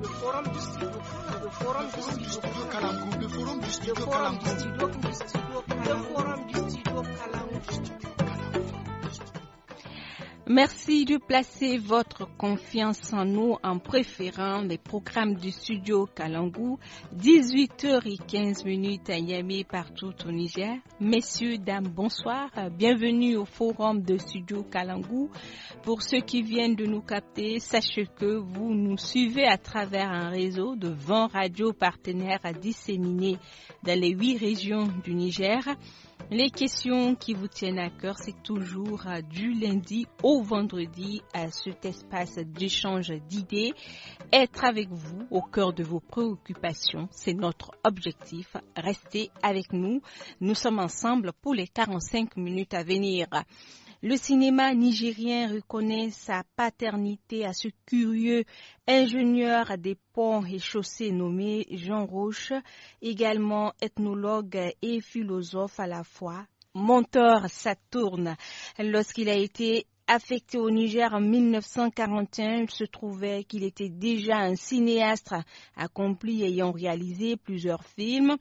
The forum du studio the forum du studio Kalamgou the forum du studio Kalamgou the forum du studio Kalamgou the forum du studio Kalamgou Merci de placer votre confiance en nous en préférant les programmes du studio Kalangou, 18h15 à Yamé partout au Niger. Messieurs, dames, bonsoir. Bienvenue au forum de studio Kalangou. Pour ceux qui viennent de nous capter, sachez que vous nous suivez à travers un réseau de 20 radios partenaires à disséminer dans les 8 régions du Niger. Les questions qui vous tiennent à cœur, c'est toujours euh, du lundi au vendredi à cet espace d'échange d'idées. Être avec vous au cœur de vos préoccupations, c'est notre objectif. Restez avec nous. Nous sommes ensemble pour les 45 minutes à venir. Le cinéma nigérien reconnaît sa paternité à ce curieux ingénieur des ponts et chaussées nommé Jean Roche, également ethnologue et philosophe à la fois. Monteur Saturne, lorsqu'il a été affecté au Niger en 1941, il se trouvait qu'il était déjà un cinéaste accompli ayant réalisé plusieurs films.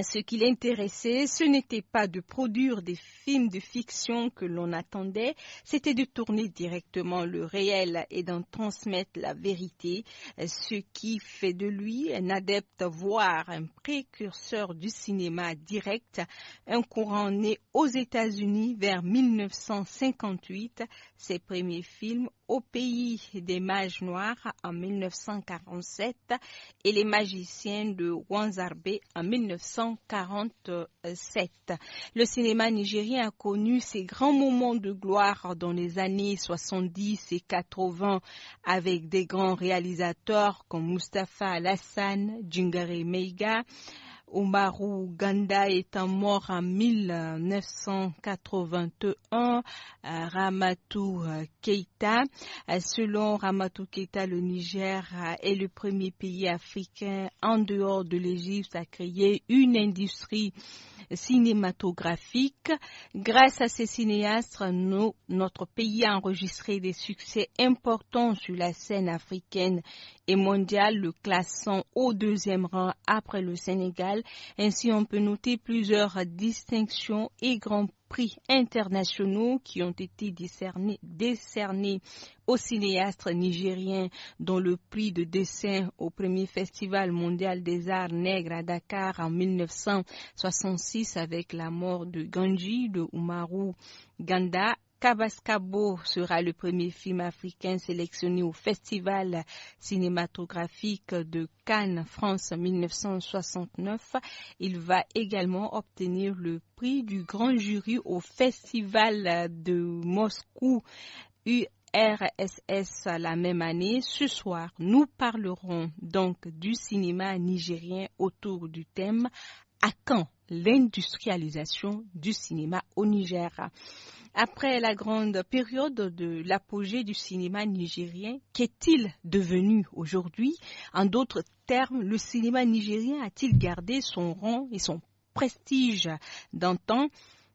Ce qui l'intéressait, ce n'était pas de produire des films de fiction que l'on attendait, c'était de tourner directement le réel et d'en transmettre la vérité, ce qui fait de lui un adepte, voire un précurseur du cinéma direct, un courant né aux États-Unis vers 1958, ses premiers films au pays des mages noirs en 1947 et les magiciens de Wanzarbe en 1950. Le cinéma nigérien a connu ses grands moments de gloire dans les années 70 et 80 avec des grands réalisateurs comme Mustapha Alassane, Djungare Meiga, Omaru Ganda étant mort en 1981 euh, Ramatou euh, Keita. Euh, selon Ramatou Keita, le Niger est le premier pays africain en dehors de l'Égypte à créer une industrie cinématographique. Grâce à ces cinéastes, notre pays a enregistré des succès importants sur la scène africaine et mondiale, le classant au deuxième rang après le Sénégal ainsi, on peut noter plusieurs distinctions et grands prix internationaux qui ont été décernés, aux au cinéaste dont le prix de dessin au premier Festival mondial des arts nègres à Dakar en 1966 avec la mort de Ganji, de Umaru Ganda Kabaskabo sera le premier film africain sélectionné au Festival cinématographique de Cannes, France 1969. Il va également obtenir le prix du grand jury au Festival de Moscou. URSS la même année. Ce soir, nous parlerons donc du cinéma nigérien autour du thème À quand l'industrialisation du cinéma au Niger après la grande période de l'apogée du cinéma nigérien, qu'est-il devenu aujourd'hui En d'autres termes, le cinéma nigérien a-t-il gardé son rang et son prestige d'antan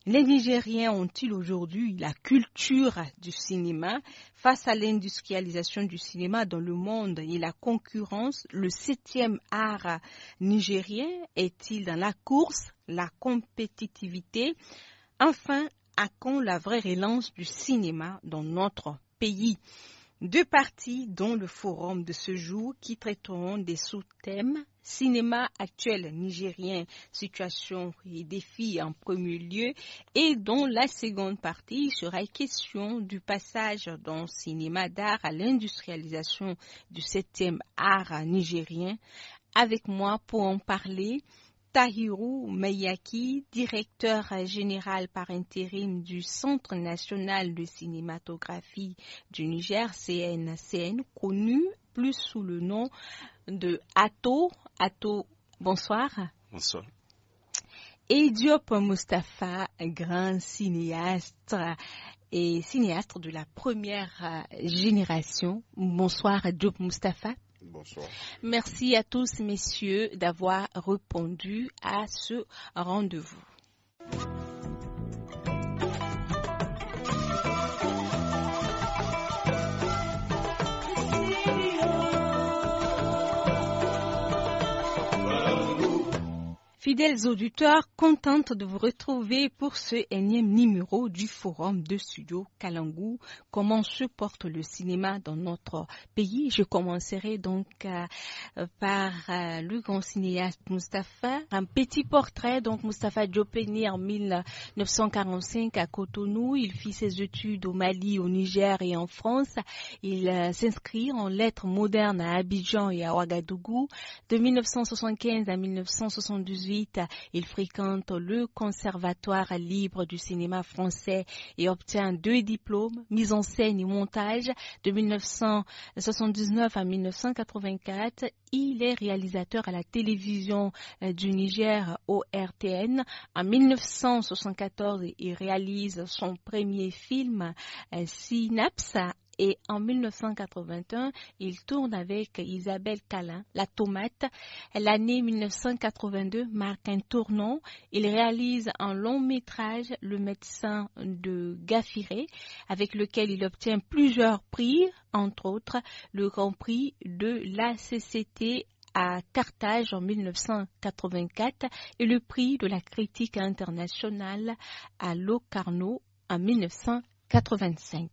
les Nigériens ont-ils aujourd'hui la culture du cinéma face à l'industrialisation du cinéma dans le monde et la concurrence Le septième art nigérien est-il dans la course, la compétitivité Enfin, à quand la vraie relance du cinéma dans notre pays Deux parties dont le forum de ce jour qui traiteront des sous-thèmes cinéma actuel nigérien, situation et défis en premier lieu, et dont la seconde partie sera question du passage d'un cinéma d'art à l'industrialisation du septième art nigérien. Avec moi pour en parler, Tahiru Meyaki, directeur général par intérim du Centre national de cinématographie du Niger, CNCN, connu plus sous le nom de Ato. Ato, bonsoir. Bonsoir. Et Diop Mustafa, grand cinéaste et cinéaste de la première génération. Bonsoir Diop Mustafa. Merci à tous, messieurs, d'avoir répondu à ce rendez-vous. Fidèles auditeurs, contente de vous retrouver pour ce énième numéro du forum de Studio Kalangou. Comment se porte le cinéma dans notre pays Je commencerai donc euh, par euh, le grand cinéaste Mustapha. Un petit portrait, donc Mustapha Diop en 1945 à Cotonou. Il fit ses études au Mali, au Niger et en France. Il euh, s'inscrit en lettres modernes à Abidjan et à Ouagadougou. De 1975 à 1978, il fréquente le Conservatoire libre du cinéma français et obtient deux diplômes, mise en scène et montage, de 1979 à 1984. Il est réalisateur à la télévision euh, du Niger au RTN. En 1974, il réalise son premier film, euh, Synapse, et en 1981, il tourne avec Isabelle Calin, La Tomate. L'année 1982 marque un tournant. Il réalise un long métrage, Le médecin de Gaffiré, avec lequel il obtient plusieurs prix, entre autres le Grand Prix de la CCT à Carthage en 1984 et le prix de la critique internationale à Locarno en 1985.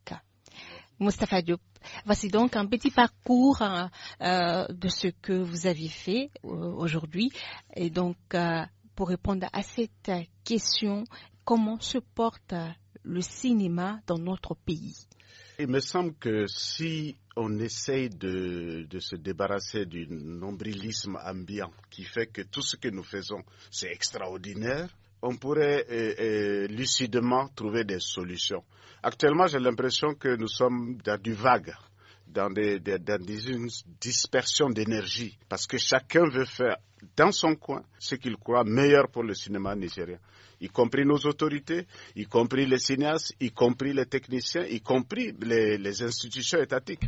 Mustapha Diop. Voici donc un petit parcours euh, euh, de ce que vous avez fait euh, aujourd'hui. Et donc, pour répondre à cette question, comment se porte le cinéma dans notre pays Il me semble que si on essaye de, de se débarrasser du nombrilisme ambiant qui fait que tout ce que nous faisons, c'est extraordinaire, on pourrait euh, euh, lucidement trouver des solutions. Actuellement, j'ai l'impression que nous sommes dans du vague, dans, des, une dispersion d'énergie, parce que chacun veut faire dans son coin ce qu'il croit meilleur pour le cinéma nigérien, y compris nos autorités, y compris les cinéastes, y compris les techniciens, y compris les institutions étatiques.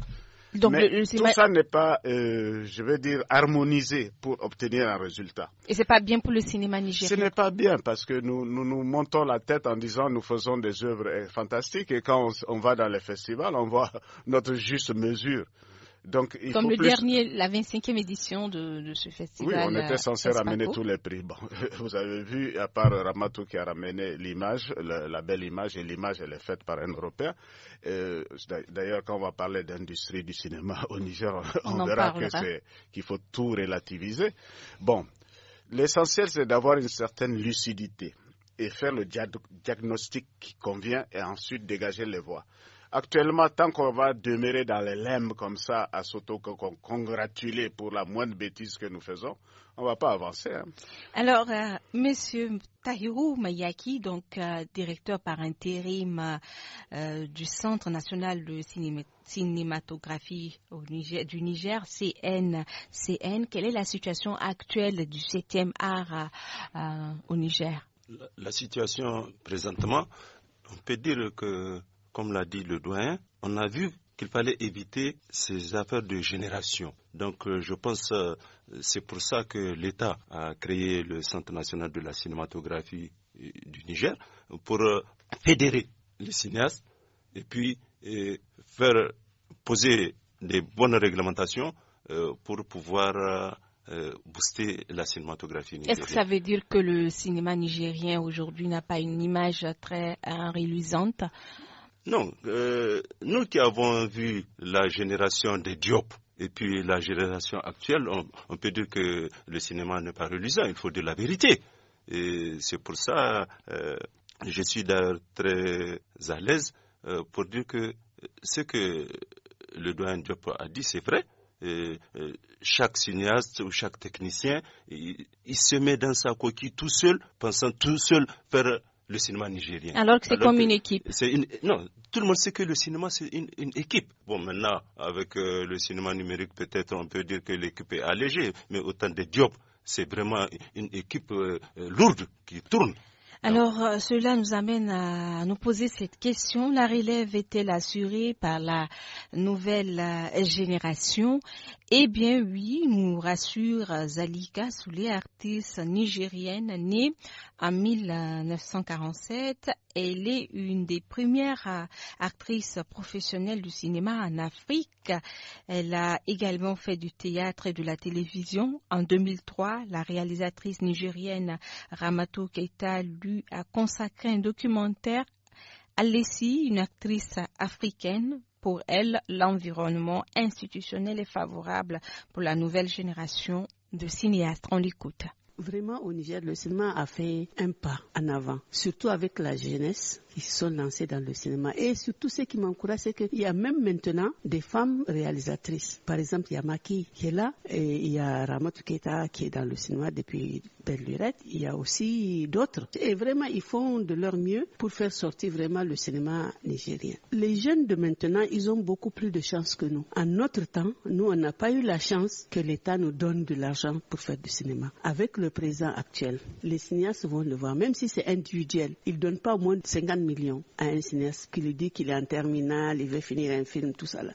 Donc tout ça n'est pas, euh, je vais dire, harmonisé pour obtenir un résultat. Et c'est pas bien pour le cinéma nigérien. Ce n'est pas bien parce que nous, nous, montons la tête en disant nous faisons des œuvres eh, fantastiques et quand on va dans les festivals, on voit notre juste mesure. Donc, Comme le dernier, la 25e édition de, ce festival. Oui, on était euh, censé ramener tous les prix. Bon, vous avez vu, à part Ramatou qui a ramené l'image, la belle image, et l'image, elle est faite par un Européen. D'ailleurs, quand on va parler d'industrie du cinéma au Niger, on, verra qu'il faut tout relativiser. Bon, l'essentiel, c'est d'avoir une certaine lucidité et faire le diagnostic qui convient et ensuite dégager les voies actuellement, tant qu'on va demeurer dans les lemmes comme ça, à s'auto congratuler pour la moindre bêtise que nous faisons, on ne va pas avancer. Hein. Alors, euh, Monsieur Tahirou Mayaki, donc euh, directeur par intérim euh, du Centre national de cinématographie du Niger, CNCN, quelle est la situation actuelle du 7e art au Niger la, situation présentement, on peut dire que comme l'a dit le doyen, on a vu qu'il fallait éviter ces affaires de génération. Donc euh, je pense euh, c'est pour ça que l'État a créé le Centre national de la cinématographie euh, du Niger pour fédérer les cinéastes et puis faire poser des bonnes réglementations pour pouvoir booster la cinématographie nigérienne. Est-ce que ça veut dire que le cinéma nigérien aujourd'hui n'a pas une image très réluisante non, euh, nous qui avons vu la génération des Diop et puis la génération actuelle, on, peut dire que le cinéma n'est pas reluisant, il faut de la vérité. Et c'est pour ça euh, je suis d'ailleurs très à l'aise euh, pour dire que ce que le doyen Diop a dit, c'est vrai. chaque cinéaste ou chaque technicien, il, se met dans sa coquille tout seul, pensant tout seul faire le cinéma nigérien. Alors que c'est comme une équipe. non, tout le monde sait que le cinéma, c'est une, équipe. Bon, maintenant, avec euh, le cinéma numérique, peut-être on peut dire que l'équipe est allégée, mais autant de Diop, c'est vraiment une équipe euh, euh, lourde qui tourne. Alors, cela nous amène à nous poser cette question. La relève est-elle assurée par la nouvelle génération eh bien oui, nous rassure euh, Zalika Soulé, artiste nigérienne née en 1947. Elle est une des premières euh, actrices professionnelles du cinéma en Afrique. Elle a également fait du théâtre et de la télévision. En 2003, la réalisatrice nigérienne Ramato Keita lui a consacré un documentaire à Alessi, une actrice africaine pour elle, l'environnement institutionnel est favorable pour la nouvelle génération de cinéastes. On l'écoute. Vraiment, au Niger, le cinéma a fait un pas en avant, surtout avec la jeunesse ils se sont lancés dans le cinéma. Et surtout, ce qui m'encourage, c'est qu'il y a même maintenant des femmes réalisatrices. Par exemple, il y a Maki qui est là, et il y a Ramotu keta qui est dans le cinéma depuis Lurette. Il y a aussi d'autres. Et vraiment, ils font de leur mieux pour faire sortir vraiment le cinéma nigérien. Les jeunes de maintenant, ils ont beaucoup plus de chance que nous. En notre temps, nous, on n'a pas eu la chance que l'État nous donne de l'argent pour faire du cinéma. Avec le présent actuel, les cinéastes vont le voir, même si c'est individuel. Ils donnent pas au moins 50 millions à un cinéaste qui lui dit qu'il est en terminale, il veut finir un film, tout ça là.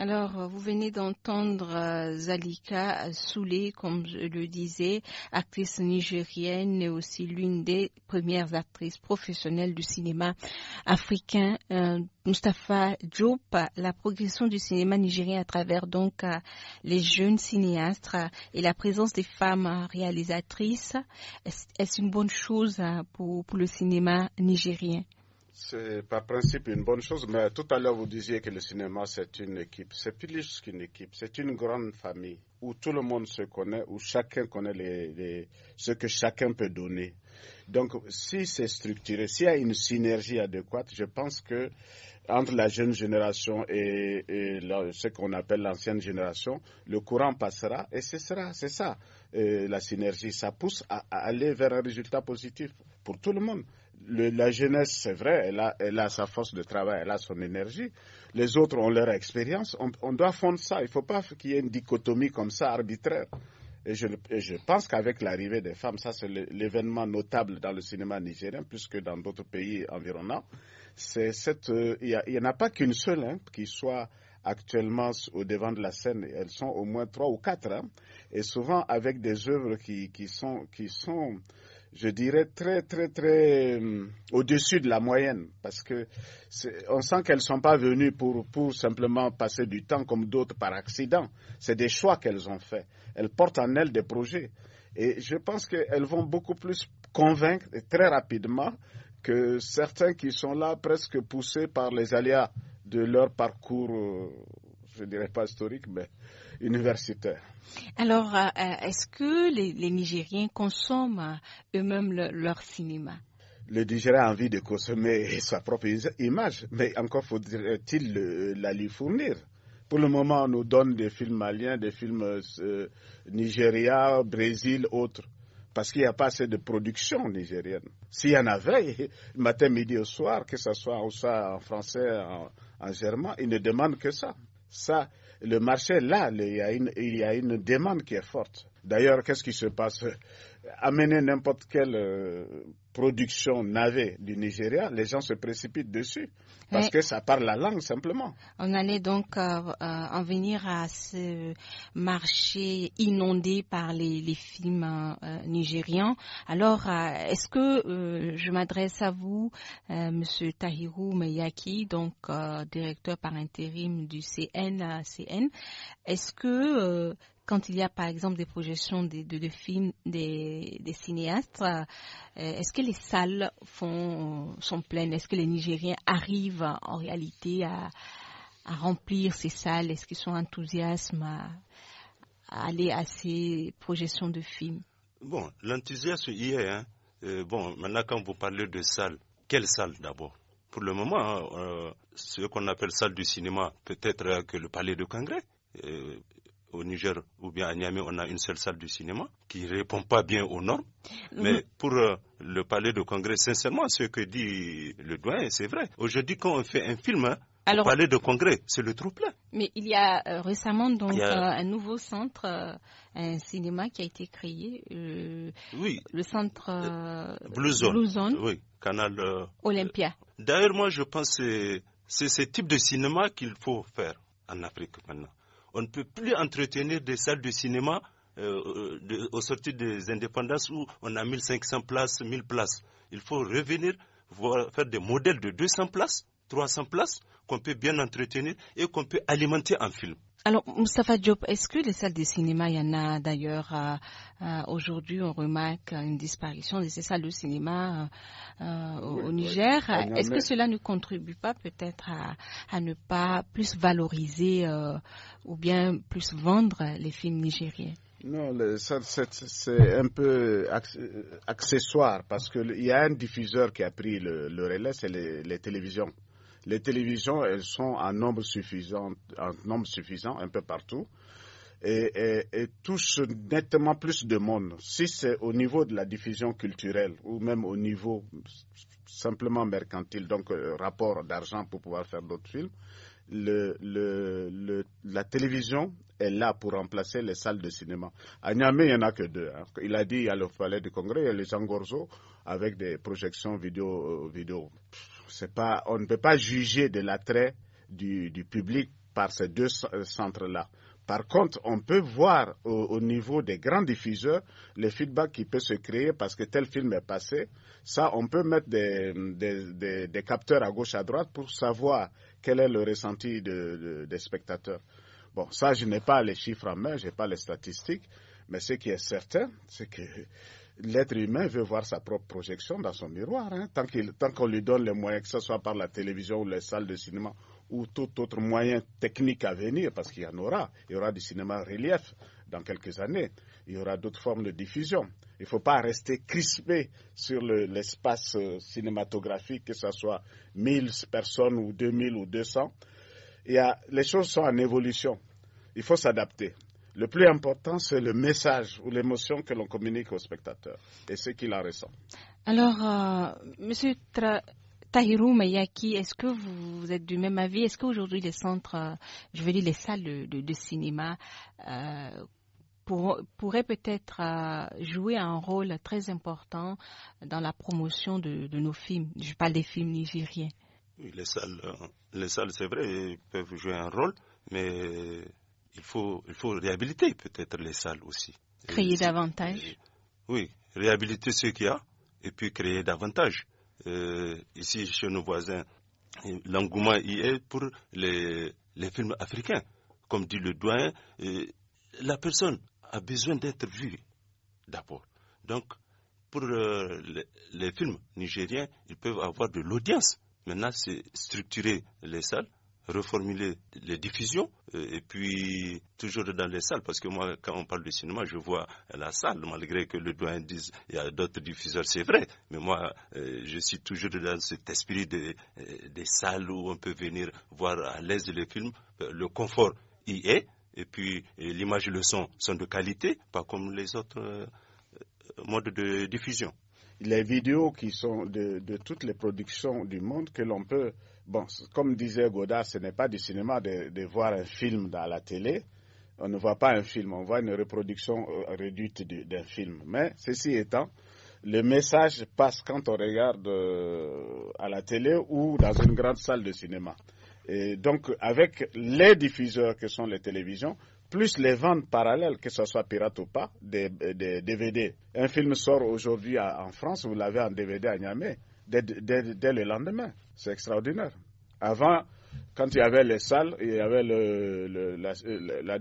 Alors, euh, vous venez d'entendre euh, Zalika euh, Souley, comme je le disais, actrice nigérienne et aussi l'une des premières actrices professionnelles du cinéma africain. Mustafa Mustapha la progression du cinéma nigérien à travers donc les jeunes cinéastes et la présence des femmes réalisatrices, est-ce une bonne chose pour, pour le cinéma nigérien? C'est par principe une bonne chose, mais tout à l'heure vous disiez que le cinéma c'est une équipe. C'est plus qu'une équipe, c'est une grande famille où tout le monde se connaît, où chacun connaît les, ce que chacun peut donner. Donc si c'est structuré, s'il y a une synergie adéquate, je pense que entre la jeune génération et, ce qu'on appelle l'ancienne génération, le courant passera et ce sera, c'est ça, euh, la synergie. Ça pousse à aller vers un résultat positif pour tout le monde la jeunesse, c'est vrai, elle a, elle a, sa force de travail, elle a son énergie. Les autres ont leur expérience. On, on, doit fondre ça. Il ne faut pas qu'il y ait une dichotomie comme ça arbitraire. Et je, je pense qu'avec l'arrivée des femmes, ça c'est l'événement notable dans le cinéma nigérien, plus que dans d'autres pays environnants. C'est cette, euh, il n'y en a pas qu'une seule hein, qui soit actuellement au devant de la scène. Elles sont au moins trois ou quatre, hein. et souvent avec des œuvres qui, qui sont, qui sont je dirais, très, très, très hum, au-dessus de la moyenne, parce que on sent qu'elles ne sont pas venues pour, simplement passer du temps comme d'autres par accident. C'est des choix qu'elles ont faits. Elles portent en elles des projets. Et je pense qu'elles vont beaucoup plus convaincre très rapidement que certains qui sont là presque poussés par les aléas de leur parcours, euh, je dirais pas historique, mais universitaire. Alors, euh, euh, est-ce que les, Nigériens consomment euh, eux-mêmes leur cinéma le Nigeria a envie de consommer sa propre image, mais encore faudrait-il la lui fournir. Pour le moment, on nous donne des films maliens, des films euh, Nigeria, Brésil, autres parce qu'il n'y a pas assez de production nigérienne. S'il y en avait, matin, midi au soir, que ce soit en français, en, allemand, germain, ils ne demandent que ça. Ça, le marché, là, il y, a une, il y a une demande qui est forte. D'ailleurs, qu'est-ce qui se passe Amener n'importe quelle euh, production navée du Nigeria, les gens se précipitent dessus parce que ça parle la langue simplement. On allait donc euh, euh, en venir à ce marché inondé par les, films nigérians. Alors, est-ce que je m'adresse à vous, Monsieur Tahiru Meyaki, donc directeur par intérim du CNCN, est-ce que quand il y a par exemple des projections de, films des, cinéastes, euh, est-ce que les salles sont pleines Est-ce que les Nigériens arrivent en réalité à, remplir ces salles Est-ce qu'ils sont enthousiastes à, aller à ces projections de films Bon, l'enthousiasme y est. Hein. Euh, bon, maintenant quand vous parlez de salles, quelles salles, d'abord Pour le moment, euh, ce qu'on appelle salle du cinéma, peut-être que le palais de Congrès au Niger ou bien à Niamey, on a une seule salle de cinéma qui ne répond pas bien aux normes. Mhm. Mais pour euh, le palais de congrès, sincèrement, ce que dit le doyen, c'est vrai. Aujourd'hui, quand on fait un film, hein, palais de congrès, c'est le trou plein. Mais il y a euh, récemment donc euh, un nouveau centre, un cinéma qui a été créé. oui. Le centre Blue Zone. Blue Zone. canal Olympia. D'ailleurs, moi, je pense que c'est ce type de cinéma qu'il faut faire en Afrique maintenant. On ne peut plus entretenir des salles de cinéma euh, euh, aux sorties des indépendances où on a 1500 places, 1000 places. Il faut revenir voir, faire des modèles de 200 places, 300 places qu'on peut bien entretenir et qu'on peut alimenter en film. Alors, Mustafa Diop, est-ce que les salles de cinéma, il y en a d'ailleurs euh, euh, aujourd'hui, on remarque une disparition de ces salles de cinéma euh, au Niger. Est-ce que cela ne contribue pas peut-être à, ne pas plus valoriser ou bien plus vendre les films nigériens non, c'est un peu accessoire parce qu'il y a un diffuseur qui a pris le, relais, c'est les télévisions. Les télévisions, elles sont en nombre suffisant, nombre suffisant un peu partout. Et, touchent nettement plus de monde. Si c'est au niveau de la diffusion culturelle ou même au niveau simplement mercantile, donc euh, rapport d'argent pour pouvoir faire d'autres films, la télévision est là pour remplacer les salles de cinéma. À Niamey, il n'y en a que deux. Hein. Il a dit, il y a le palais du Congrès, et les Angorzo avec des projections vidéo. Euh, vidéo c'est pas, on ne peut pas juger de l'attrait du, du, public par ces deux centres-là. Par contre, on peut voir au, niveau des grands diffuseurs le feedback qui peut se créer parce que tel film est passé. Ça, on peut mettre des, des, des, capteurs à gauche, à droite pour savoir quel est le ressenti de, des spectateurs. Bon, ça, je n'ai pas les chiffres en main, je n'ai pas les statistiques, mais ce qui est certain, c'est que l'être humain veut voir sa propre projection dans son miroir. Hein. Tant qu'on lui donne les moyens, que ce soit par la télévision ou les salles de cinéma ou tout autre moyen technique à venir, parce qu'il y en aura. Il y aura du cinéma relief dans quelques années. Il y aura d'autres formes de diffusion. Il ne faut pas rester crispé sur l'espace euh, cinématographique, que ce soit 1000 personnes ou 2000 ou 200. les choses sont en évolution. Il faut s'adapter. Le plus important, c'est le message ou l'émotion que l'on communique au spectateur et ce qu'il en ressent. Alors, euh, Monsieur Tahirou Mayaki, est-ce que vous êtes du même avis Est-ce qu'aujourd'hui les centres, euh, je veux dire les salles de, cinéma, euh, pourraient peut-être jouer un rôle très important dans la promotion de, nos films Je parle des films nigériens. les salles, les salles c'est vrai, peuvent jouer un rôle, mais il faut, il faut réhabiliter peut-être les salles aussi. Créer davantage. Oui, réhabiliter ce qu'il y a et puis créer davantage. Euh, ici, chez nos voisins, l'engouement y est pour les, films africains. Comme dit le doyen, euh, la personne a besoin d'être vue d'abord. Donc, pour euh, les, films nigériens, ils peuvent avoir de l'audience. Maintenant, c'est structurer les salles reformuler les diffusions euh, et puis toujours dans les salles parce que moi quand on parle de cinéma je vois la salle malgré que le doyen dise il y a d'autres diffuseurs c'est vrai mais moi euh, je suis toujours dans cet esprit de, euh, des salles où on peut venir voir à l'aise les films le confort y est et puis l'image et le son sont de qualité pas comme les autres modes de diffusion les vidéos qui sont de, de toutes les productions du monde que l'on peut. Bon, comme disait Godard, ce n'est pas du cinéma de, de, voir un film dans la télé. On ne voit pas un film, on voit une reproduction euh, réduite d'un film. Mais ceci étant, le message passe quand on regarde euh, à la télé ou dans une grande salle de cinéma. Et donc, avec les diffuseurs que sont les télévisions, plus les ventes parallèles, que ce soit pirate ou pas, des, des DVD. Un film sort aujourd'hui en France, vous l'avez en DVD à Niamey, dès, dès, dès le lendemain. C'est extraordinaire. Avant, quand il y avait les salles, il y avait le, la, la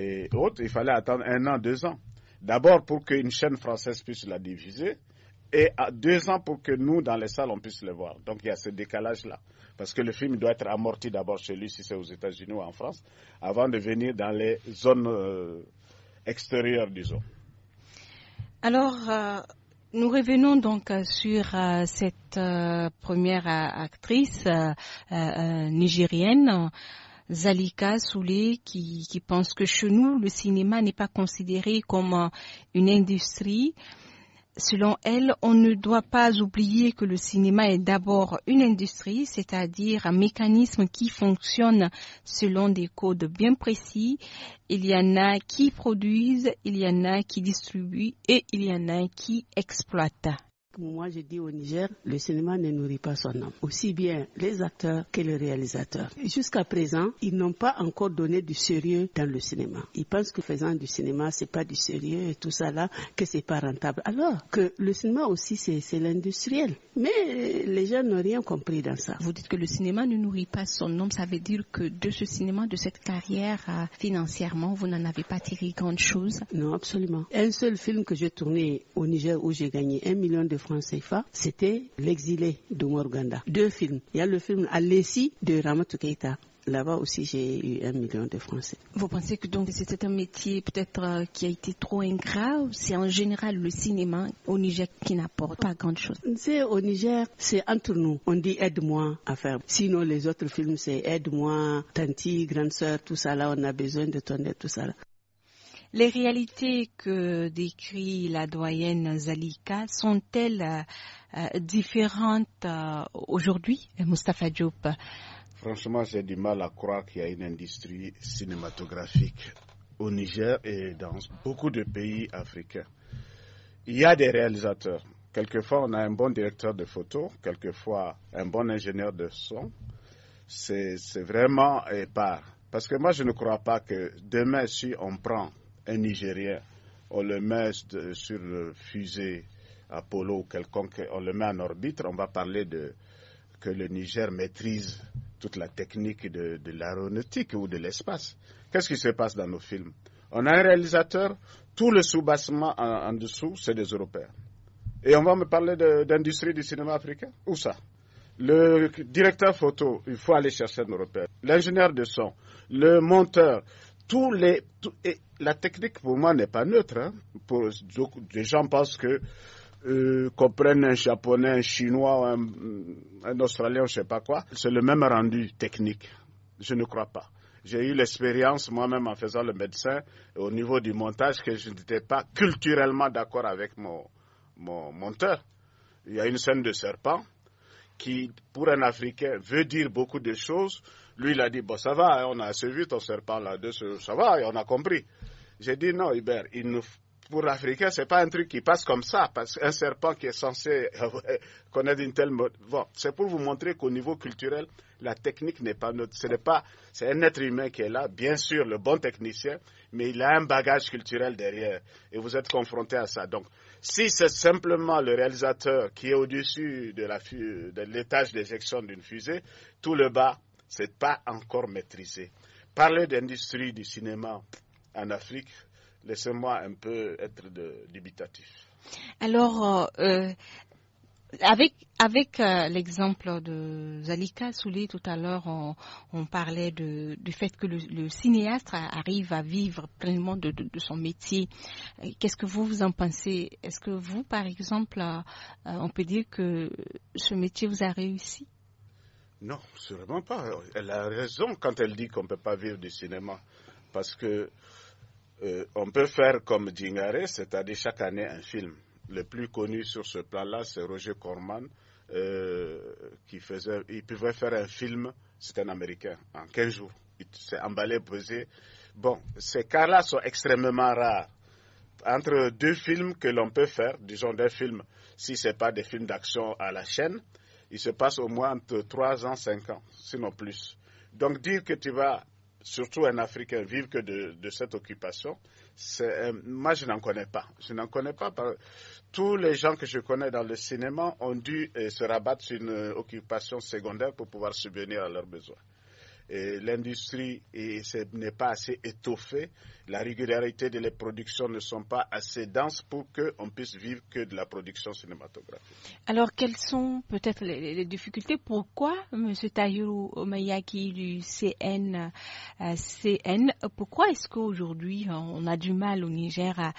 et autres, il fallait attendre un an, deux ans. D'abord pour qu'une chaîne française puisse la diffuser, et à deux ans pour que nous, dans les salles, on puisse le voir. Donc il y a ce décalage-là. Parce que le film doit être amorti d'abord chez lui, si c'est aux États-Unis ou en France, avant de venir dans les zones euh, extérieures, disons. Alors, euh, nous revenons donc euh, sur cette première actrice nigérienne. Zalika Soulé qui, pense que chez nous, le cinéma n'est pas considéré comme une industrie, Selon elle, on ne doit pas oublier que le cinéma est d'abord une industrie, c'est-à-dire un mécanisme qui fonctionne selon des codes bien précis. Il y en a qui produisent, il y en a qui distribuent et il y en a qui exploitent moi je dis au Niger, le cinéma ne nourrit pas son nom. aussi bien les acteurs que les réalisateurs. Jusqu'à présent, ils n'ont pas encore donné du sérieux dans le cinéma. Ils pensent que faisant du cinéma, c'est pas du sérieux et tout ça là, que c'est pas rentable. Alors que le cinéma aussi, c'est l'industriel. Mais les gens n'ont rien compris dans ça. Vous dites que le cinéma ne nourrit pas son nom. ça veut dire que de ce cinéma, de cette carrière euh, financièrement, vous n'en avez pas tiré grand chose Non, absolument. Un seul film que j'ai tourné au Niger où j'ai gagné un million de francs c'était L'exilé de Morganda. Deux films. Il y a le film Alessi de Ramatou Keita. Là-bas aussi, j'ai eu un million de Français. Vous pensez que donc c'est un métier peut-être euh, qui a été trop ingrat C'est en général le cinéma au Niger qui n'apporte pas grand-chose. C'est au Niger, c'est entre nous. On dit aide-moi à faire. Sinon, les autres films, c'est aide-moi, tanti, grande sœur, tout ça là, on a besoin de ton aide, tout ça là. Les réalités que décrit la doyenne Zalika sont-elles euh, euh, différentes euh, aujourd'hui, Mustafa Diop Franchement, j'ai du mal à croire qu'il y a une industrie cinématographique au Niger et dans beaucoup de pays africains. Il y a des réalisateurs. Quelquefois, on a un bon directeur de photo, quelquefois un bon ingénieur de son. C'est vraiment épars. Parce que moi, je ne crois pas que demain, si on prend un Nigérien, on le met sur euh, le fusée Apollo ou quelconque, on le met en orbite, on va parler de que le Niger maîtrise toute la technique de, l'aéronautique ou de l'espace. Qu'est-ce qui se passe dans nos films On a un réalisateur, tout le sous en, en dessous, c'est des Européens. Et on va me parler d'industrie du cinéma africain Où ça Le directeur photo, il faut aller chercher un Européen. L'ingénieur de son, le monteur, tous les. la technique pour moi n'est pas neutre. Hein. des gens pensent que euh, qu'on prenne un japonais, un chinois, un, un australien, je ne sais pas quoi, c'est le même rendu technique. Je ne crois pas. J'ai eu l'expérience moi-même en faisant le médecin au niveau du montage que je n'étais pas culturellement d'accord avec mon, mon monteur. Il y a une scène de serpent qui, pour un Africain, veut dire beaucoup de choses lui, il a dit, bon, ça va, hein, on a assez vite, on se reparle ça va, et on a compris. J'ai dit, non, Hubert, pour l'Africain, n'est pas un truc qui passe comme ça, parce qu'un serpent qui est censé connaître une telle mode. Bon, c'est pour vous montrer qu'au niveau culturel, la technique n'est pas notre. Ce n'est pas, c'est un être humain qui est là, bien sûr, le bon technicien, mais il a un bagage culturel derrière, et vous êtes confronté à ça. Donc, si c'est simplement le réalisateur qui est au-dessus de, de l'étage d'éjection d'une fusée, tout le bas ce n'est pas encore maîtrisé. Parler d'industrie du cinéma en Afrique, laissez-moi un peu être dubitatif. Alors, euh, euh, avec, euh, l'exemple de Zalika Souley tout à l'heure, on, parlait du fait que le, cinéaste arrive à vivre pleinement de, son métier. Qu'est-ce que vous, vous en pensez Est-ce que vous, par exemple, on peut dire que ce métier vous a réussi non, sûrement pas. Elle a raison quand elle dit qu'on ne peut pas vivre du cinéma. Parce que euh, on peut faire comme Jingare, c'est-à-dire chaque année un film. Le plus connu sur ce plan-là, c'est Roger Corman, euh, qui faisait, il pouvait faire un film, c'est un Américain, en 15 jours. Il s'est emballé, posé. Bon, ces cas-là sont extrêmement rares. Entre deux films que l'on peut faire, disons des films, si ce n'est pas des films d'action à la chaîne, il se passe au moins entre 3 ans, 5 ans, sinon plus. Donc dire que tu vas, surtout un Africain, vivre que de, cette occupation, moi je n'en connais pas. Je n'en connais pas. Par... Tous les gens que je connais dans le cinéma ont dû euh, se rabattre sur une occupation secondaire pour pouvoir subvenir à leurs besoins l'industrie n'est pas assez étoffée, la régularité de les productions ne sont pas assez denses pour qu'on puisse vivre que de la production cinématographique. Alors, quelles sont peut-être les, difficultés Pourquoi M. Tayuru Omayaki du CN, euh, CN pourquoi est-ce qu'aujourd'hui euh, on a du mal au Niger,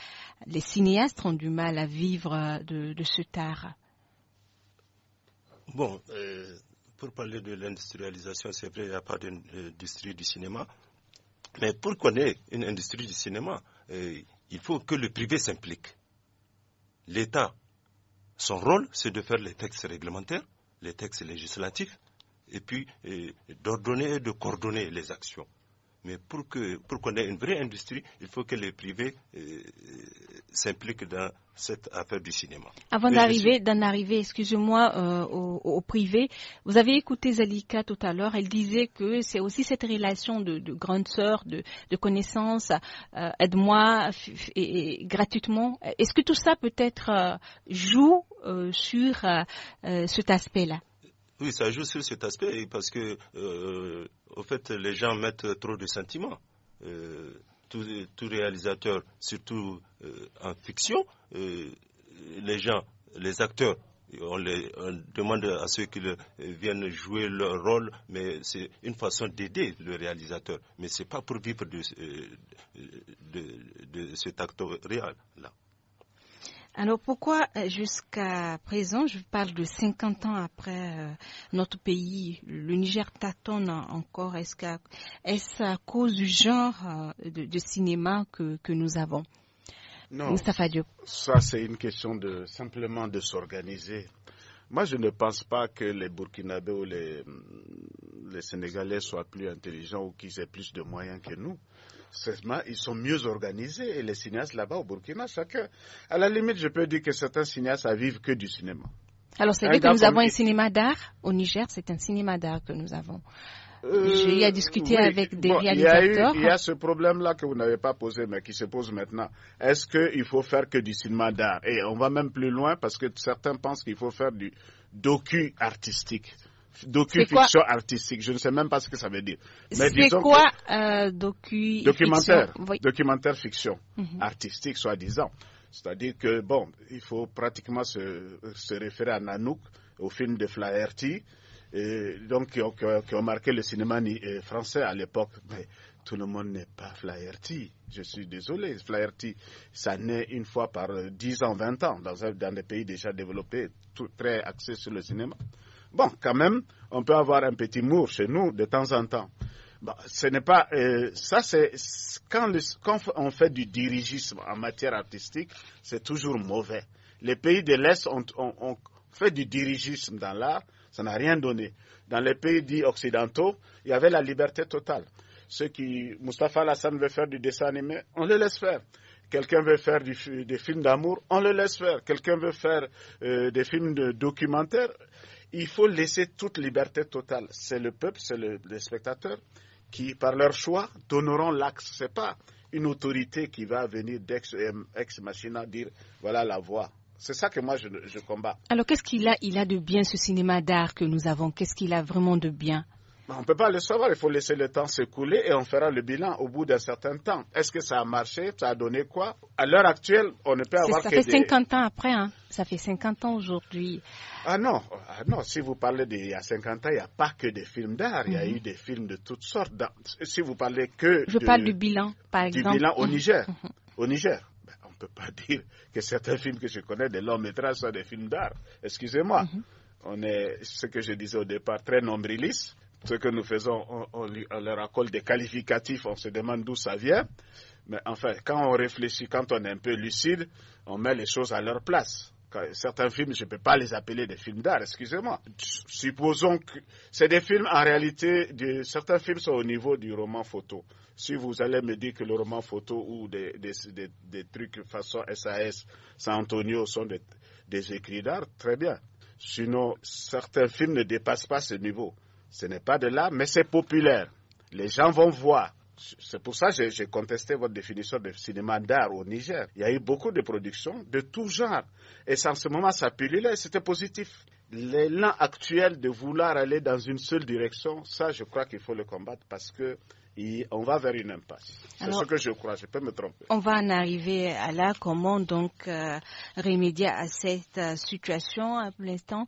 les cinéastes ont du mal à vivre euh, de, ce tar? Bon, pour parler de l'industrialisation, c'est vrai, il n'y a pas d'industrie du cinéma. Mais pour qu'on ait une industrie du cinéma, eh, il faut que le privé s'implique. L'État, son rôle, c'est de faire les textes réglementaires, les textes législatifs, et puis eh, d'ordonner et de coordonner les actions. Mais pour pour qu'on ait une vraie industrie, il faut que les privés s'implique euh, s'impliquent dans cette affaire du cinéma. Avant d'arriver, d'en arriver, excusez-moi, euh, au, privé, vous avez écouté Zalika tout à l'heure. Elle disait que c'est aussi cette relation de, grande sœur, de, de connaissance, euh, aide-moi et, gratuitement. Est-ce que tout ça peut-être joue sur cet aspect-là? Oui, ça joue sur cet aspect parce que au fait, les gens mettent trop de sentiments. Euh, tout, réalisateur, surtout euh, en fiction, euh, les gens, les acteurs, on, les, demande à ceux qui viennent jouer leur rôle, mais c'est une façon d'aider le réalisateur. Mais ce n'est pas pour vivre de, de cet acteur réel-là. Alors pourquoi euh, jusqu'à présent, je parle de 50 ans après euh, notre pays, le Niger tâtonne encore Est-ce est à, cause du genre euh, de, cinéma que, nous avons Non. Diop. Ça, c'est une question de simplement de s'organiser. Moi, je ne pense pas que les Burkinabés ou mm, les, Sénégalais soient plus intelligents ou qu'ils aient plus de moyens que nous. Ils sont mieux organisés et les cinéastes là-bas au Burkina, chacun. À la limite, je peux dire que certains cinéastes ne vivent que du cinéma. Alors c'est vrai que nous avons un cinéma d'art au Niger, c'est un cinéma d'art que nous avons. J'ai euh, discuté avec des réalisateurs. Il y, a ce problème-là que vous n'avez pas posé, mais qui se pose maintenant. Est-ce qu'il faut faire que du cinéma d'art Et on va même plus loin parce que certains pensent qu'il faut faire du docu artistique docu-fiction artistique. Je ne sais même pas ce que ça veut dire. C'est quoi euh, docu Documentaire. Fiction, Documentaire mhm. fiction artistique, soi-disant. C'est-à-dire que, bon, il faut pratiquement se, se référer à Nanook, au film de Flaherty, donc qui ont, marqué le cinéma euh, français à l'époque. Mais tout le monde n'est pas Flaherty. Je suis désolé. Flaherty, ça naît une fois par 10 euh, ans, 20 ans, dans, dans des pays déjà développés, très axés sur le cinéma. Bon, quand même, on peut avoir un petit mour chez nous de temps en temps. Bon, ce n'est pas. Euh, ça, c'est. Quand, on fait du dirigisme en matière artistique, c'est toujours mauvais. Les pays de l'Est ont, ont fait du dirigisme dans l'art ça n'a rien donné. Dans les pays dits occidentaux, il y avait la liberté totale. Ceux qui, Mustafa Alassane veut faire du dessin animé, on le laisse faire. Quelqu'un veut faire des films d'amour, on le laisse faire. Quelqu'un veut faire euh, des films de documentaire, il faut laisser toute liberté totale. C'est le peuple, c'est les spectateurs qui, par leur choix, donneront l'axe. n'est pas une autorité qui va venir d'ex machina dire voilà la voie. C'est ça que moi je, je combats. Alors qu'est-ce qu'il a, il a de bien ce cinéma d'art que nous avons Qu'est-ce qu'il a vraiment de bien bah, on ne peut pas le savoir, il faut laisser le temps s'écouler et on fera le bilan au bout d'un certain temps. Est-ce que ça a marché Ça a donné quoi À l'heure actuelle, on ne peut avoir ça que Ça fait 50 ans après, hein ça fait 50 ans aujourd'hui. Ah non, ah non, si vous parlez d'il y a 50 ans, il n'y a pas que des films d'art, il y a mhm. eu des films de toutes sortes. Si vous parlez que... Je parle du bilan, par exemple. Du bilan au Niger. Mhm. Au Niger ne peut pas dire que certains films que je connais, des longs métrages, sont des films d'art. Excusez-moi. Mhm. On est, ce que je disais au départ, très nombrilistes. Ce que nous faisons, on, leur accole des qualificatifs, on se demande d'où ça vient. Mais enfin, quand on réfléchit, quand on est un peu lucide, on met les choses à leur place certains films, je ne peux pas les appeler des films d'art, excusez-moi. Supposons que c'est des films, en réalité, de, certains films sont au niveau du roman photo. Si vous allez me dire que le roman photo ou des, des, des, trucs façon SAS, San Antonio sont des, écrits d'art, très bien. Sinon, certains films ne dépassent pas ce niveau. Ce n'est pas de là, mais c'est populaire. Les gens vont voir. C'est pour ça que j'ai contesté votre définition de cinéma d'art au Niger. Il y a eu beaucoup de productions de tout genre. Et en ce moment, ça pullulait. C'était positif. L'élan actuel de vouloir aller dans une seule direction, ça, je crois qu'il faut le combattre parce que on va vers une impasse. C'est ce que je crois, je peux me tromper. On va en arriver à là, comment donc euh, remédier à cette euh, situation à euh, l'instant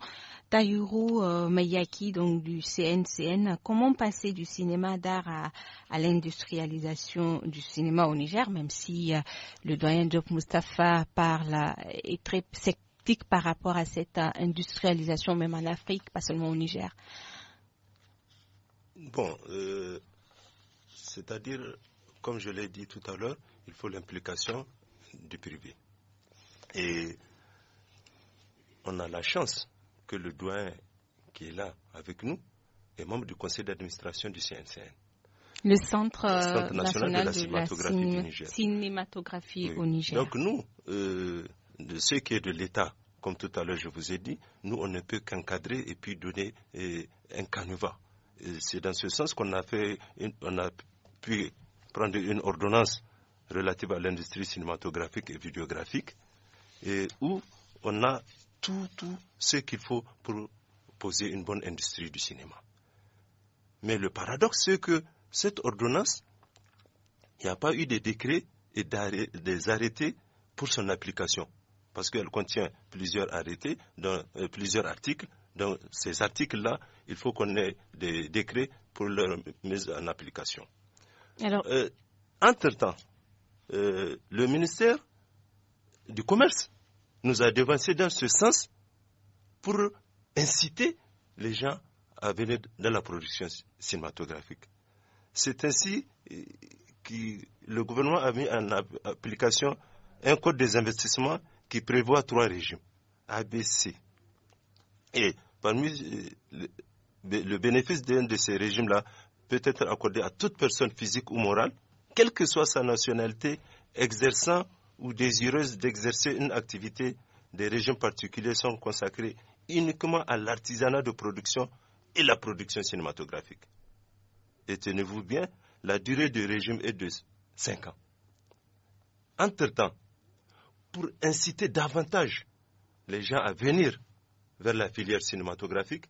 Tayuru Mayaki, donc du CNCN, comment passer du cinéma d'art à, l'industrialisation du cinéma au Niger, même si le doyen Job Mustafa parle est très sceptique par rapport à cette industrialisation, même en Afrique, pas seulement au Niger Bon, c'est-à-dire, comme je l'ai dit tout à l'heure, il faut l'implication du privé. Et on a la chance que le doyen qui est là avec nous est membre du conseil d'administration du CNCN. Le Centre, euh, national, de la cinématographie, du Niger. au Niger. Donc nous, euh, de ce qui est de l'État, comme tout à l'heure je vous ai dit, nous on ne peut qu'encadrer et puis donner euh, un canevas. C'est dans ce sens qu'on a fait, on a puis prendre une ordonnance relative à l'industrie cinématographique et vidéographique, et où on a tout, ce qu'il faut pour poser une bonne industrie du cinéma. Mais le paradoxe, c'est que cette ordonnance, il n'y a pas eu de décret et des arrêtés pour son application, parce qu'elle contient plusieurs arrêtés, dans, euh, plusieurs articles. Dans ces articles-là, il faut qu'on ait des décrets pour leur mise en application. Euh, entre-temps, euh, le ministère du Commerce nous a devancé dans ce sens pour inciter les gens à venir dans la production cinématographique. C'est ainsi euh, que le gouvernement a mis en application un code des investissements qui prévoit trois régimes, ABC. Et parmi le bénéfice d'un de ces régimes-là, peut être accordée à toute personne physique ou morale, quelle que soit sa nationalité, exerçant ou désireuse d'exercer une activité. Des régimes particuliers sont consacrés uniquement à l'artisanat de production et la production cinématographique. Et tenez-vous bien, la durée du régime est de 5 ans. Entre-temps, pour inciter davantage les gens à venir vers la filière cinématographique,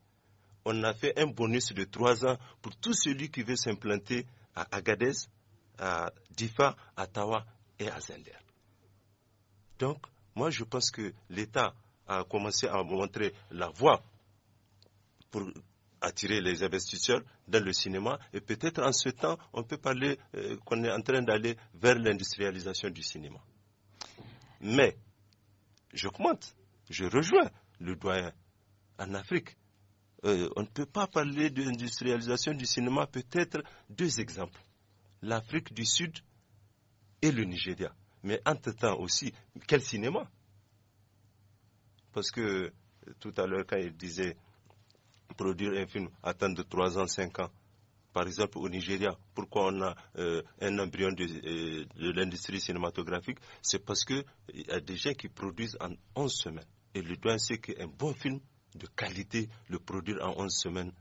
on a fait un bonus de trois ans pour tout celui qui veut s'implanter à Agadez, à Difa, à Tawa et à Zender. Donc, moi, je pense que l'État a commencé à montrer la voie pour attirer les investisseurs dans le cinéma. Et peut-être en ce temps, on peut parler euh, qu'on est en train d'aller vers l'industrialisation du cinéma. Mais, je commente, je rejoins le doyen en Afrique. Euh, on ne peut pas parler d'industrialisation du cinéma, peut-être deux exemples. L'Afrique du Sud et le Nigeria. Mais entre-temps aussi, quel cinéma Parce que euh, tout à l'heure, quand il disait produire un film, attendre trois ans, cinq ans, par exemple au Nigeria, pourquoi on a euh, un embryon de, l'industrie cinématographique C'est parce qu'il y a des gens qui produisent en 11 semaines. Et le doigt c'est qu'un bon film de qualité, le produire en 11 semaines,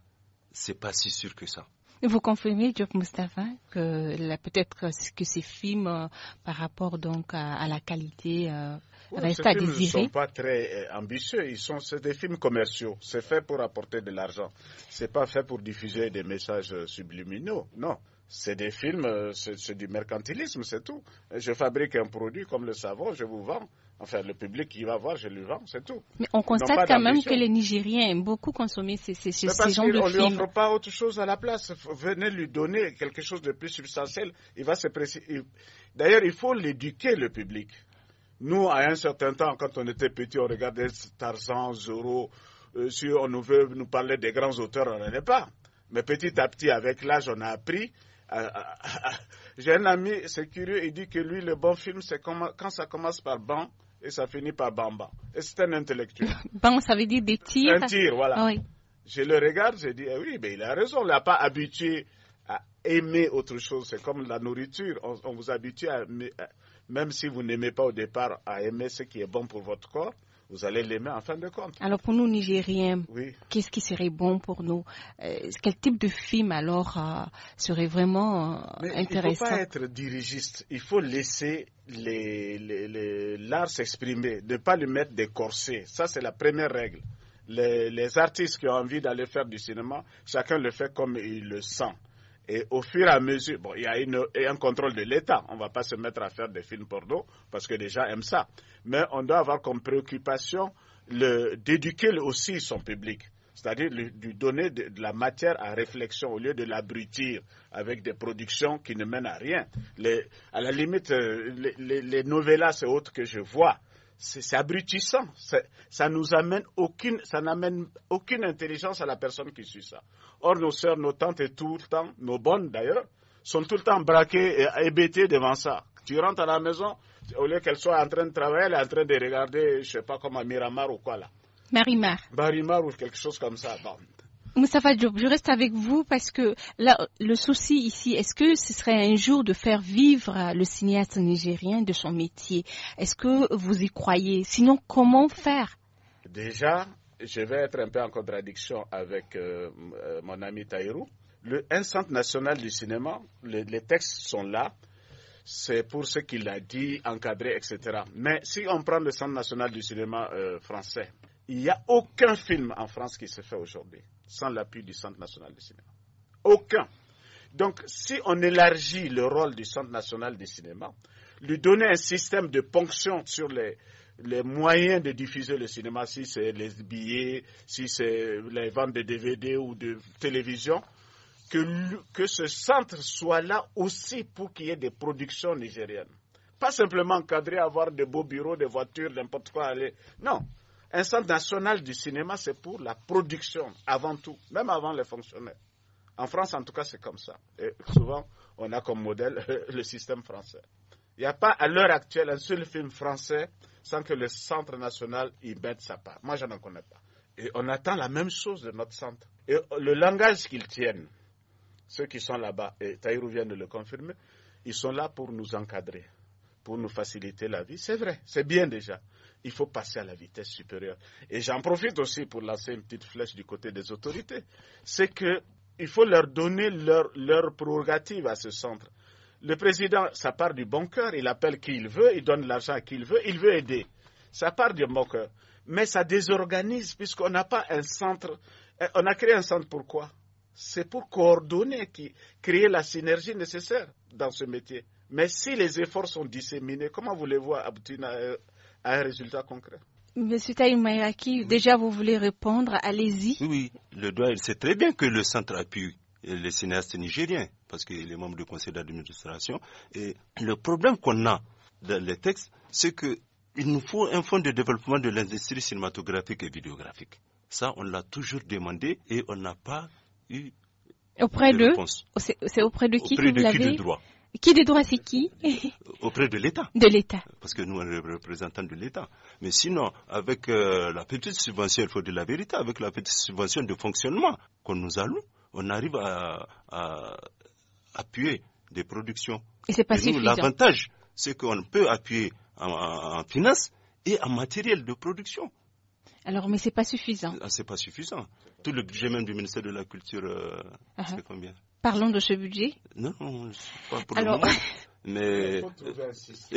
c'est pas si sûr que ça. Vous confirmez, Diop Mustafa, que peut-être que ces films, euh, par rapport donc à, la qualité, euh, restent à désirer Ces films ne sont pas très euh, ambitieux. Ils sont des films commerciaux. C'est fait pour apporter de l'argent. C'est pas fait pour diffuser des messages subliminaux. Non, c'est des films, euh, c'est du mercantilisme, c'est tout. Je fabrique un produit comme le savon, je vous vends. Enfin, le public qui va voir, je lui vends, c'est tout. Mais on constate quand même que les Nigériens aiment beaucoup consommer ces, ces, ces, genres de films. On ne lui offre pas autre chose à la place. Venez lui donner quelque chose de plus substantiel. Il va se D'ailleurs, il faut l'éduquer, le public. Nous, à un certain temps, quand on était petit, on regardait Tarzan, Zorro. Euh, si on nous veut nous parler des grands auteurs, on n'en est pas. Mais petit à petit, avec l'âge, on a appris ah, ah, ah, j'ai un ami, c'est curieux, il dit que lui, le bon film, c'est quand ça commence par ban et ça finit par bamba. Et c'est un intellectuel. ban, ça veut dire des tirs. Un tir, voilà. Oui. Je le regarde, je dis, eh oui, mais il a raison, on n'a pas habitué à aimer autre chose. C'est comme la nourriture, on, vous habitue, à, même si vous n'aimez pas au départ, à aimer ce qui est bon pour votre corps vous allez les mettre en fin de compte. Alors pour nous, Nigériens, qu'est-ce qui serait bon pour nous euh, Quel type de film alors euh, serait vraiment euh, intéressant Il ne faut pas être dirigiste, il faut laisser l'art s'exprimer, ne pas lui mettre des corsets. Ça, c'est la première règle. les artistes qui ont envie d'aller faire du cinéma, chacun le fait comme il le sent. Et au fur et à mesure, bon, il y a une, un contrôle de l'État. On ne va pas se mettre à faire des films porno parce que les gens aiment ça. Mais on doit avoir comme préoccupation d'éduquer aussi son public. C'est-à-dire lui donner de, la matière à réflexion au lieu de l'abrutir avec des productions qui ne mènent à rien. Les, à la limite, euh, les, les, les novellas, c'est autre que je vois c'est abrutissant. Ça nous amène aucune, ça n'amène aucune intelligence à la personne qui suit ça. Or, nos sœurs, nos tantes et tout le temps, nos bonnes d'ailleurs, sont tout le temps braquées et hébétées devant ça. Tu rentres à la maison, au lieu qu'elle soit en train de travailler, elles sont en train de regarder, je sais pas, comme à Miramar ou quoi là. Marimar. Marimar ou quelque chose comme ça. Bon, Moustapha je reste avec vous parce que le souci ici, est-ce que ce serait un jour de faire vivre le cinéaste nigérien de son métier Est-ce que vous y croyez Sinon, comment faire Déjà, je vais être un peu en contradiction avec euh, euh, mon ami Taïrou. Le, un centre national du cinéma, les textes sont là, c'est pour ce qu'il a dit, encadré, etc. Mais si on prend le centre national du cinéma euh, français, il n'y a aucun film en France qui se fait aujourd'hui sans l'appui du Centre national du cinéma. Aucun. Donc, si on élargit le rôle du Centre national du cinéma, lui donner un système de ponction sur les, moyens de diffuser le cinéma, si c'est les billets, si c'est les ventes de DVD ou de télévision, que, ce centre soit là aussi pour qu'il y ait des productions nigériennes. Pas simplement encadrer, avoir de beaux bureaux, des voitures, n'importe quoi. Aller. Non, un centre national du cinéma, c'est pour la production, avant tout, même avant les fonctionnaires. En France, en tout cas, c'est comme ça. Et souvent, on a comme modèle le système français. Il n'y a pas à l'heure actuelle un seul film français sans que le Centre national y mette sa part. Moi, je n'en connais pas. Et on attend la même chose de notre centre. Et le langage qu'ils tiennent, ceux qui sont là-bas, et Taïrou vient de le confirmer, ils sont là pour nous encadrer pour nous faciliter la vie. C'est vrai, c'est bien déjà. Il faut passer à la vitesse supérieure. Et j'en profite aussi pour lancer une petite flèche du côté des autorités. C'est qu'il faut leur donner leur, leur à ce centre. Le président, ça part du bon cœur, il appelle qui il veut, il donne l'argent à qui il veut, il veut aider. Ça part du bon cœur. Mais ça désorganise puisqu'on n'a pas un centre. Eh, on a créé un centre pourquoi C'est pour coordonner, créer la synergie nécessaire dans ce métier. Mais si les efforts sont disséminés, comment voulez-vous aboutir à, euh, un résultat concret Monsieur Taïmayaki, déjà vous voulez répondre, allez-y. Oui, le droit il sait très bien que le centre appuie les cinéastes nigériens, parce qu'il est membre du conseil d'administration. Et le problème qu'on a dans les textes, c'est qu'il nous faut un fonds de développement de l'industrie cinématographique et vidéographique. Ça, on l'a toujours demandé et on n'a pas eu de, réponse. C'est auprès de qui auprès droit qui des droits, c'est qui euh, Auprès de l'État. De l'État. Parce que nous, on est représentants de l'État. Mais sinon, avec euh, la petite subvention, il faut de la vérité, avec la petite subvention de fonctionnement qu'on nous alloue, on arrive à, appuyer des productions. Et c'est pas suffisant. L'avantage, c'est qu'on peut appuyer en, finance et en matériel de production. Alors, mais c'est pas suffisant. Ah, pas suffisant. Tout le budget même du ministère de la Culture, euh, uh-huh. c'est combien Parlons de ce budget. Non, pas pour le moment mais un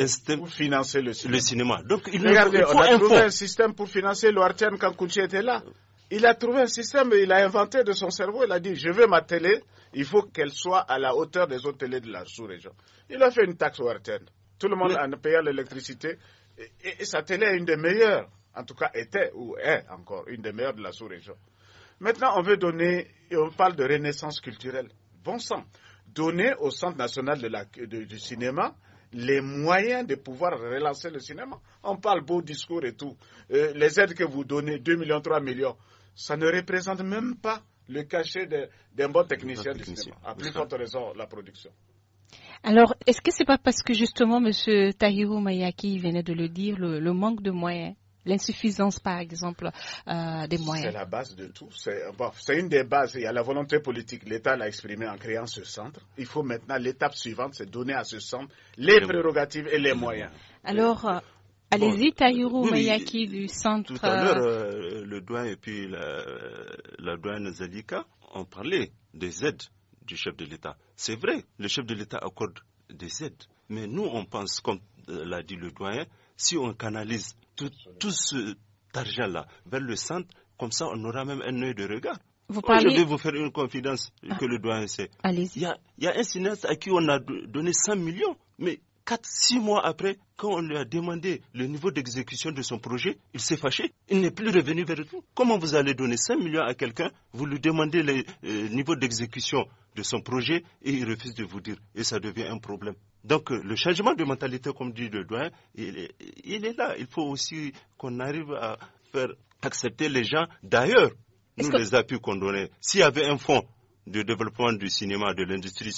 système pour financer le cinéma. Donc, il, Regardez, on a trouvé un système pour financer le quand Kouchi était là. Euh. Il a trouvé un système, il a inventé de son cerveau, il a dit je veux ma télé, il faut qu'elle soit à la hauteur des autres télés de la sous-région. Il a fait une taxe au Tout le monde a en payant l'électricité. Et, et, sa télé est une des meilleures, en tout cas était ou est encore une des meilleures de la sous-région. Maintenant, on veut donner, et on parle de renaissance culturelle bon sang, donner au Centre national du cinéma les moyens de pouvoir relancer le cinéma. On parle beau discours et tout. Euh, les aides que vous donnez, 2 millions, 3 millions, ça ne représente même pas le cachet d'un bon technicien, du cinéma. A plus forte raison, la production. Alors, est-ce que ce n'est pas parce que justement M. Tahiru Mayaki venait de le dire, le manque de moyens l'insuffisance, par exemple, euh, des moyens. C'est la base de tout. C'est une des bases. Il y a la volonté politique. L'État l'a exprimée en créant ce centre. Il faut maintenant, l'étape suivante, c'est donner à ce centre les prérogatives et les moyens. Alors, euh, allez-y, Tayuru Mayaki du centre. Tout à l'heure, euh, le doyen et puis la, la douane Zadika ont parlé des aides du chef de l'État. C'est vrai, le chef de l'État accorde des aides. Mais nous, on pense, comme l'a dit le doyen, si on canalise tout, tout cet argent-là vers le centre, comme ça on aura même un œil de regard. Je vais vous faire une confidence ah. que le doigt sait. Il y, a, il y a, un cinéaste à qui on a donné 100 millions, mais 4-6 mois après, quand on lui a demandé le niveau d'exécution de son projet, il s'est fâché. Il n'est plus revenu vers nous. Comment vous allez donner 5 millions à quelqu'un, vous lui demandez le euh, niveau d'exécution de son projet et il refuse de vous dire. Et ça devient un problème. Donc euh, le changement de mentalité, comme dit le doigt, il, il est, là. Il faut aussi qu'on arrive à faire accepter les gens. D'ailleurs, nous les a pu condamner. S'il y avait un fonds de développement du cinéma, de l'industrie